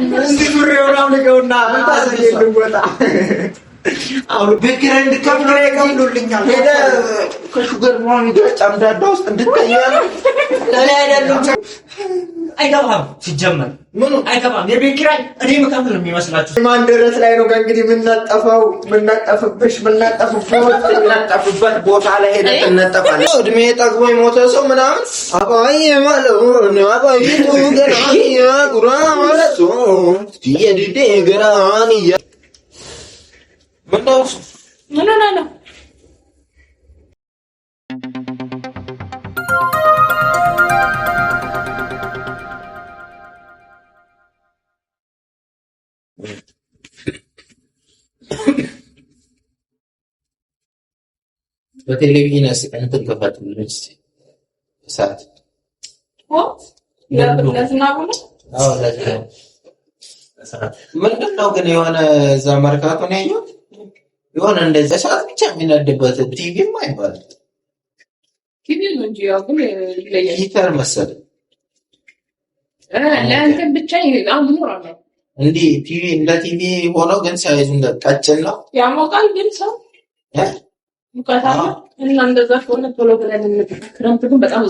እንዲ ሱሪ የሆነ አውልቀውና ልወጣ አሁን ብግረ እንድከፍሉ ይከፍሉልኛል። ሄደ ከሹገር ጫምዳዳ ውስጥ እንድትቀየር ለኔ አይደሉም። አይገባም። ሲጀመር ምኑ አይገባም? የቤት ኪራይ እኔ መካፈል የሚመስላችሁ ማን ደረት ላይ ነው? ከእንግዲህ የምናጠፋው የምናጠፍብሽ የምናጠፍበት ቦታ ላይ ሄደ እንጠፋለን። እድሜ ጠግቦ የሞተ ሰው ምናምን አባዬ ማለት አባይቱ ገና ጉራ ማለት የድዴ ገና ምነው ምን ሆነህ ነው? በቴሌቪዥን እንትን ክፈቱልኝ እስኪ ሰዓት ምንድነው ግን የሆነ እዛ መርካቱን ያየሁት የሆነ እንደዚያ ሰዓት ብቻ የሚነድበት ቲቪም አይባልም ሂተር መሰለኝ ለእንትን ብቻ ይኖራል እንዲህ ቲቪ እንደ ቲቪ ሆኖ ግን ሳይዙ እንደ ቀጭን ነው። ያሞቃል ግን ሰው እና እንደዛ በጣም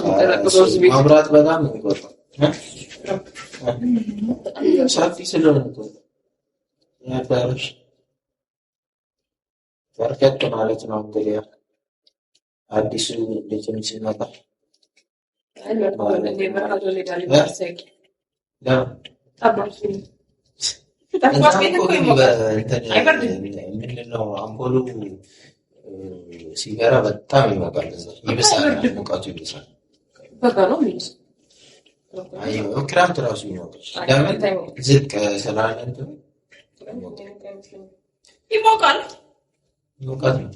መብራት በጣም ሰፊ ስለሆነ በርከት ማለት ነው እንግዲህ አዲሱ ልጅም ሲመጣ ማለት ምንድነው አምፖሉ ሲበራ በጣም ይሞቃል። ይብሳል፣ ሙቀቱ ይብሳል። ክረምት ራሱ ይሞቃል። ዝቅ ስላለ ይሞቃል። ሙቀት ነው።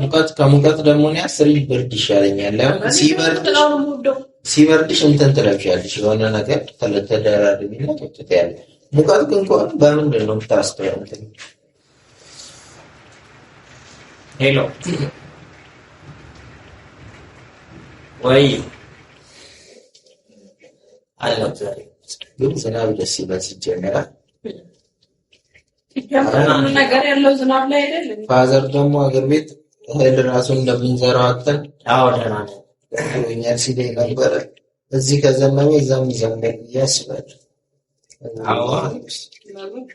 ሙቀት ከሙቀት ደግሞ እኔ አስር ብርድ ይሻለኛል። ሲበርድሽ እንትን ትለብሻለሽ፣ የሆነ ነገር ተደራርቢና ትወጥታያለሽ ሙቀት ግን ከሆነ በምንድን ነው የምታስበው? ሄሎ ወይ አለው። ዛሬ ግን ዝናብ ደስ ይበል። ሲጀመራ ፋዘር ደግሞ አገር ቤት እህል ራሱ እንደምንዘራው አጥተን ሲለኝ ነበረ። እዚህ ከዘመመ እዛም ይዘምበል እያስባለሁ Recommend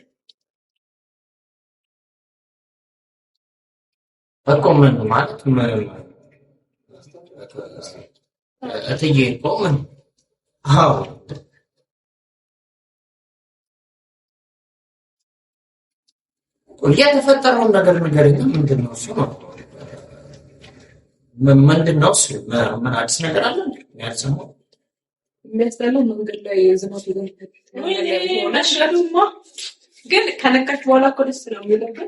mark to my At a year, woman. How? ويتفتروا النقر النقرين من دي النقص من من دي النقص من عدس نقر عدن يعني سموه የሚያስጠላው መንገድ ላይ ዝናብ ሆነ ግን ከነካሽ በኋላ እኮ ደስ ነው የሚለው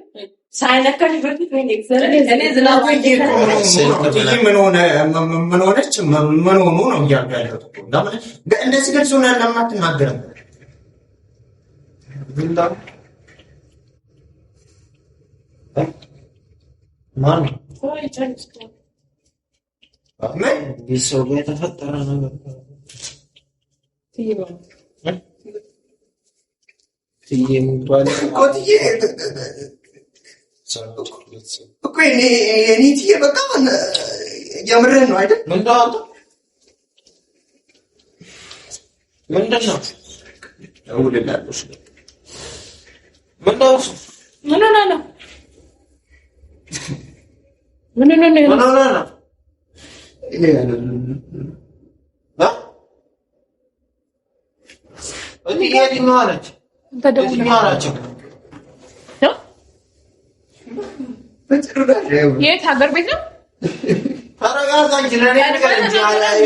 ሳይነካሽ በፊት እኔ ዝናቡ ምን ሆነ ምን ሆነች ምን ሆኑ ነው እያሉ ያለሁት እንደዚህ ገልጽ ሆነ ለማትናገርም ማን ምን ሰው የተፈጠረ ነገር Figo. ¿Eh? Figo. Codiere. Quindi inizia la donna. Andiamo a noi. Non dato. Non dato. Non dato. Non dato. No, no, no, no. No, no, no, eh, no. No, no, no, no. እዚህ የትኛዋ ነች? የትኛዋ ናቸው? የት ሀገር ቤት ነው? ተረጋጋ እንጂ ለእኔ ንገረኝ እንጂ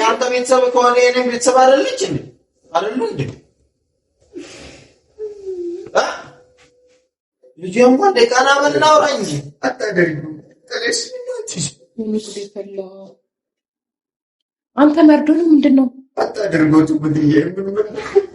የአንተ ቤተሰብ ከሆነ የእኔም ቤተሰብ አይደለች አይደሉ እንዴ? ልጅ እንኳን ደቃና በልናውራ እንጂ አታደርጉ አንተ መርዶ ነው ምንድን ነው? አታደርጎቱ ብትዬ ምን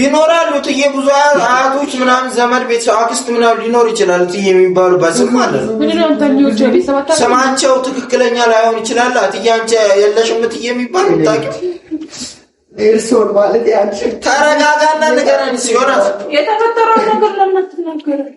ይኖራሉ እትዬ ብዙ አያቶች ምናምን ዘመድ ቤተሰብ አክስት ምናምን ሊኖር ይችላል። እትዬ የሚባሉ በስም ማለት ነው። ስማቸው ትክክለኛ ላይሆን ይችላል። እትዬ አንቺ የለሽም እትዬ የሚባል ተረጋጋና ንገረን ሲሆናት የተፈጠረውን ነገር ለምን አትናገረን?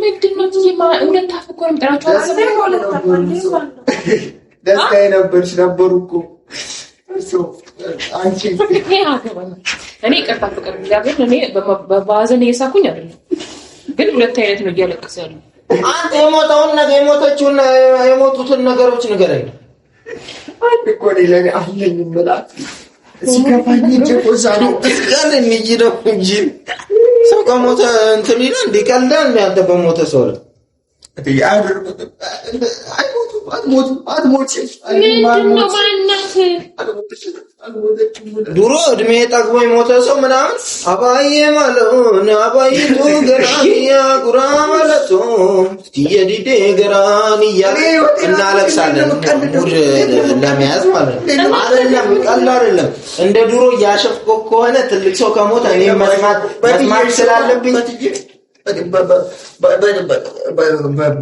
ምንድን ነው ሁለት የምጠራቸው። ደስታ ነበሩ እኮ እኔ ፍቅር እግዚአብሔር እኔ እየሳኩኝ አይደለም፣ ግን ሁለት አይነት ነው አንተ የሞተውን ነገር የሞተችውን የሞቱትን ነገሮች ንገረኝ። አንድ እኮ እኔ ለእኔ አለኝ እምላት ሲከፋኝ እንጂ እኮ እዛ ነው እስጋር እንጂ ነው እንጂ በሞተ እንትን ይላል፣ ይቀልዳል ያንተ በሞተ ሰው ላይ ድሮ እድሜ ጠግቦ የሞተ ሰው ምናምን አባዬ ማለሆን አባይቱ ገራንያ ጉራ ማለቶ የዲዴ ገራን እያለ እናለቅሳለን። ለመያዝ ማለት ነው። አይደለም ቀላል አይደለም። እንደ ድሮ እያሸፍቆ ከሆነ ትልቅ ሰው ከሞተ እኔ መስማት ስላለብኝ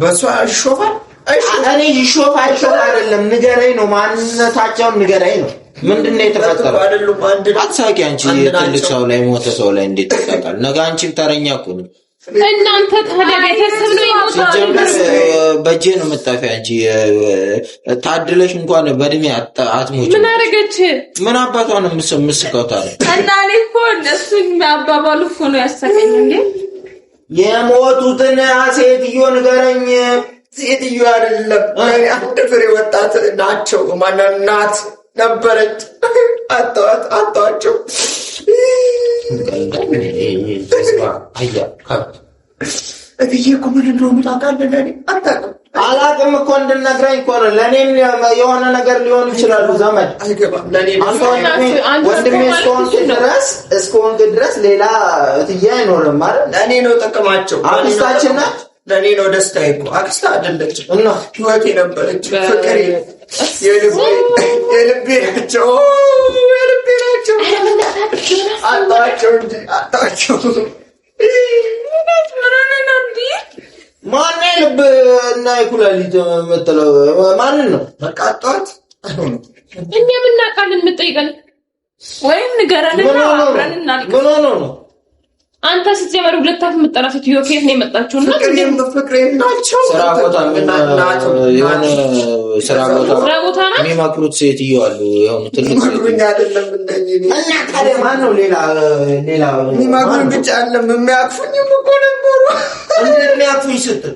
በእሷ ይሾፋል። እኔ አይደለም፣ ንገረኝ ነው ማንነታቸውን ንገረኝ ነው። ምንድን ነው የተፈጠረው? አትሳቂ አንቺ። ትልቅ ሰው ላይ ሞተ ሰው ላይ እንዴት ትሳቃል? ነገ አንቺም ተረኛ እኮ ነው። እናንተ ታዲያ ቤተሰብ ነው በእጄ ነው አንቺ። ታድለሽ እንኳን በእድሜ አትሞች። ምን አደረገች? ምን አባቷ ነው ምስቀውታል። እና እኔ እኮ አባባሉ እኮ ነው ያሰቀኝ እንዴ የሞቱትን ሴትዮ ንገረኝ። ሴትዮ አይደለም አንድ ፍሬ ወጣት ናቸው። ማናት ነበረች አጠዋቸው አያ እትዬ እኮ ምን እንደሆኑ ታውቃለህ? ለእኔ አታውቅም። አላውቅም እኮ እንድነግረኝ እኮ ነው። ለእኔም የሆነ ነገር ሊሆኑ ይችላሉ። ዘመድ ወንድሜ እስከሆንክ ድረስ እስከሆንክ ድረስ ሌላ እትዬ አይኖርም ማለት ለእኔ ነው ጥቅማቸው። አክስታችን ናት። ለእኔ ነው ደስታ እኮ አክስታ አይደለች እና ህይወቴ ነበረች። ፍቅሬ የልቤ ናቸው የልቤ ናቸው። አጣቸው እንጂ አጣቸው ማነው የልብ እና የኩላሊት የምትለው ማንን ነው? በቃ አጣኋት። እኛ ምን የምጠይቀን ወይም ንገረንና አብረን እናልቅ። ምን ሆኖ ነው አንተ ስትጀመር ሁለታት የምጠራ ሴትዮ ከየት ነው የመጣችው? እና ስራ ቦታ ናት የሚመክሩት ሴትዮ አሉ። ሌላ ብቻ አለም የሚያቅፉኝ እኮ ነበሩ የሚያቅፉኝ ስትል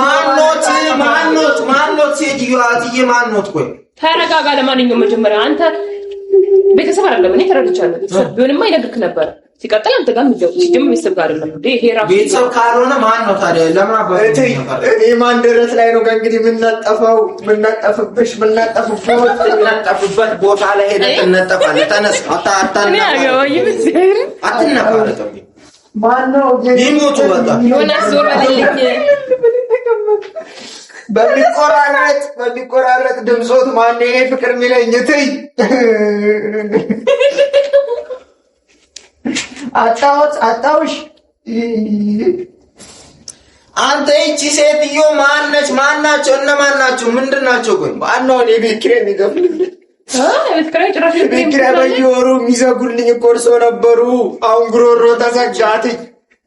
ማኖት ማኖት ማኖት ማኖት? ቆይ ተረጋጋ። ለማንኛውም መጀመሪያ አንተ ቤተሰብ አይደለም እኔ ተረድቻለሁ። ቤተሰብ ቢሆንማ ሲቀጥል አንተ ጋር ቤተሰብ ጋር አይደለም ይሄ ራሱ ቤተሰብ ካልሆነ ማን ነው ታዲያ? ለምን እኔ ማን ደረት ላይ ነው ከእንግዲህ የምናጠፍብሽ የምናጠፍበት ቦታ ላይ ተነስ፣ ማን ይሞቱ በቃ በሚቆራረጥ በሚቆራረጥ ድምፆት ማን ይሄ ፍቅር የሚለኝ ትይ አጣሁት አጣሁሽ። አንተ ይቺ ሴትዮ ማነች? ማናቸው? እነማን ናቸው? ምንድን ናቸው? ቆይ ማነው እኔ ቤት ኪራይ የሚከፍልልኝ? ቤት ኪራይ በየወሩ የሚዘጉልኝ እኮ እርሶ ነበሩ። አሁን ጉሮሮ ተዘጋትኝ።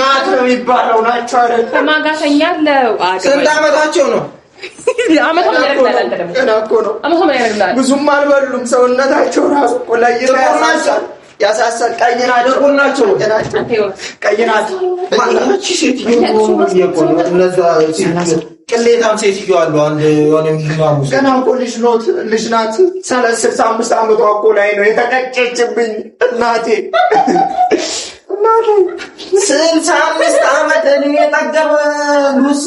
ናት ነው የሚባለው። አመታቸው ነው? ብዙም አልበሉም። ሰውነታቸው ራሱ ለይታ ያሳሳል፣ ያሳሳል። ቀይ ናቸው፣ ቅሌታም ሴትዮ አሉ። አንድ የሆነ ገና እኮ ልጅ ኖት ልጅ ናት። ስልሳ አምስት አመቷ እኮ ላይ ነው የተቀጨችብኝ እናቴ ስልሳ አምስት ዓመት እኔ የጠገበ ሉሲ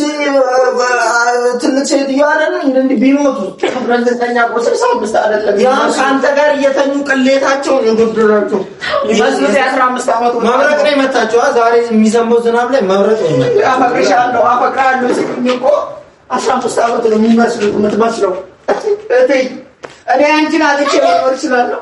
ትልቅ ሴትዮ አይደል እንዲህ ቢሞቱ ያው ከአንተ ጋር እየተኙ ቅሌታቸውን የጎደላቸው መብረቅ ነው የመታቸው። ዛሬ የሚዘንበው ዝናብ ላይ መብረቅ ነው። አፈቅርሻለሁ አፈቅርሃለሁ ሲሉኝ እኮ አስራ አምስት ዓመት ነው የሚመስሉት የምትመስለው እኔ አንቺን አጥቼ መኖር እችላለሁ።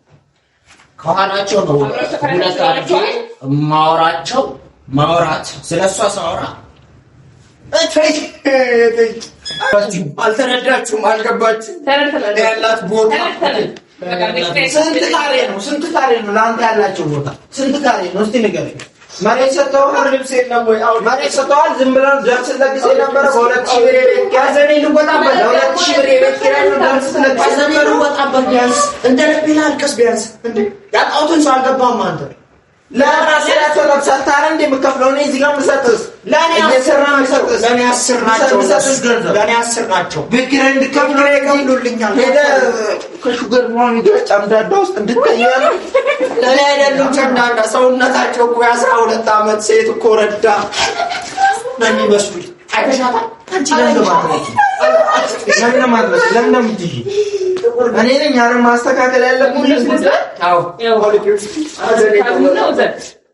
ከኋላቸው ነው እውነት አድርጌ ማወራቸው ማውራት እሷ ሳወራ አልተረዳችሁም፣ አልገባችሁም። ያላት ቦታ ስንት ካሬ ነው? ስንት ካሬ ነው? ለአንተ ያላቸው ቦታ ስንት ካሬ ነው? እስቲ ንገረኝ። መሬት ሰጥተዋል። ልብስ የለም ወይ? መሬት ሰጥተዋል። ዝም ብለን ደም ስትለግስ የነበረ በሁለት ሺህ ብር የቤት ልወጣበት ለሁለት ሺህ ብር የቤት ኪራይ ነው። ልወጣበት ቢያንስ እንደ ልቤ ላልቅስ ቢያንስ እንዴ ያጣሁትን ሰው አልገባም። አንተ ለራሴ ራሴ ለብሳታረ እንደ የምከፍለው እኔ እዚህ ጋር ምሰጥስ ለእኔ አስር ናቸው። ለእኔ አስር ናቸው። ብግረ ከሹገር ምናምን ጨምዳዳ ውስጥ እንድትቀያል ለእኔ አይደሉም። ጨምዳዳ ሰውነታቸው እኮ የአስራ ሁለት ዓመት ሴት እኮ ረዳ ነው አይተሻታል አንቺ ለምን ማድረግ ለምን ምትይ እኔ ነኝ ማስተካከል ያለብኝ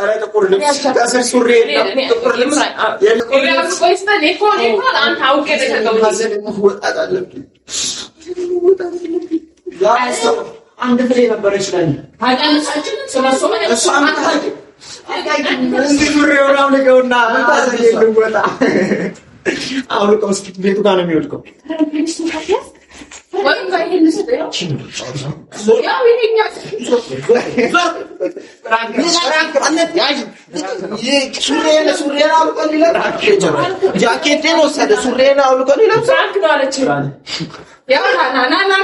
ኧረ ጥቁር ልብስ ከስር ሱሪ ጥቁር ልብስ አንድ ፍሬ ነበረች አውልቀው እስኪ ቤቱ ጋር ነው የሚወድቀው ጃኬቴን ወሰደ፣ ሱሬን አውልቆን ይለብሳል። ያው ና ና ና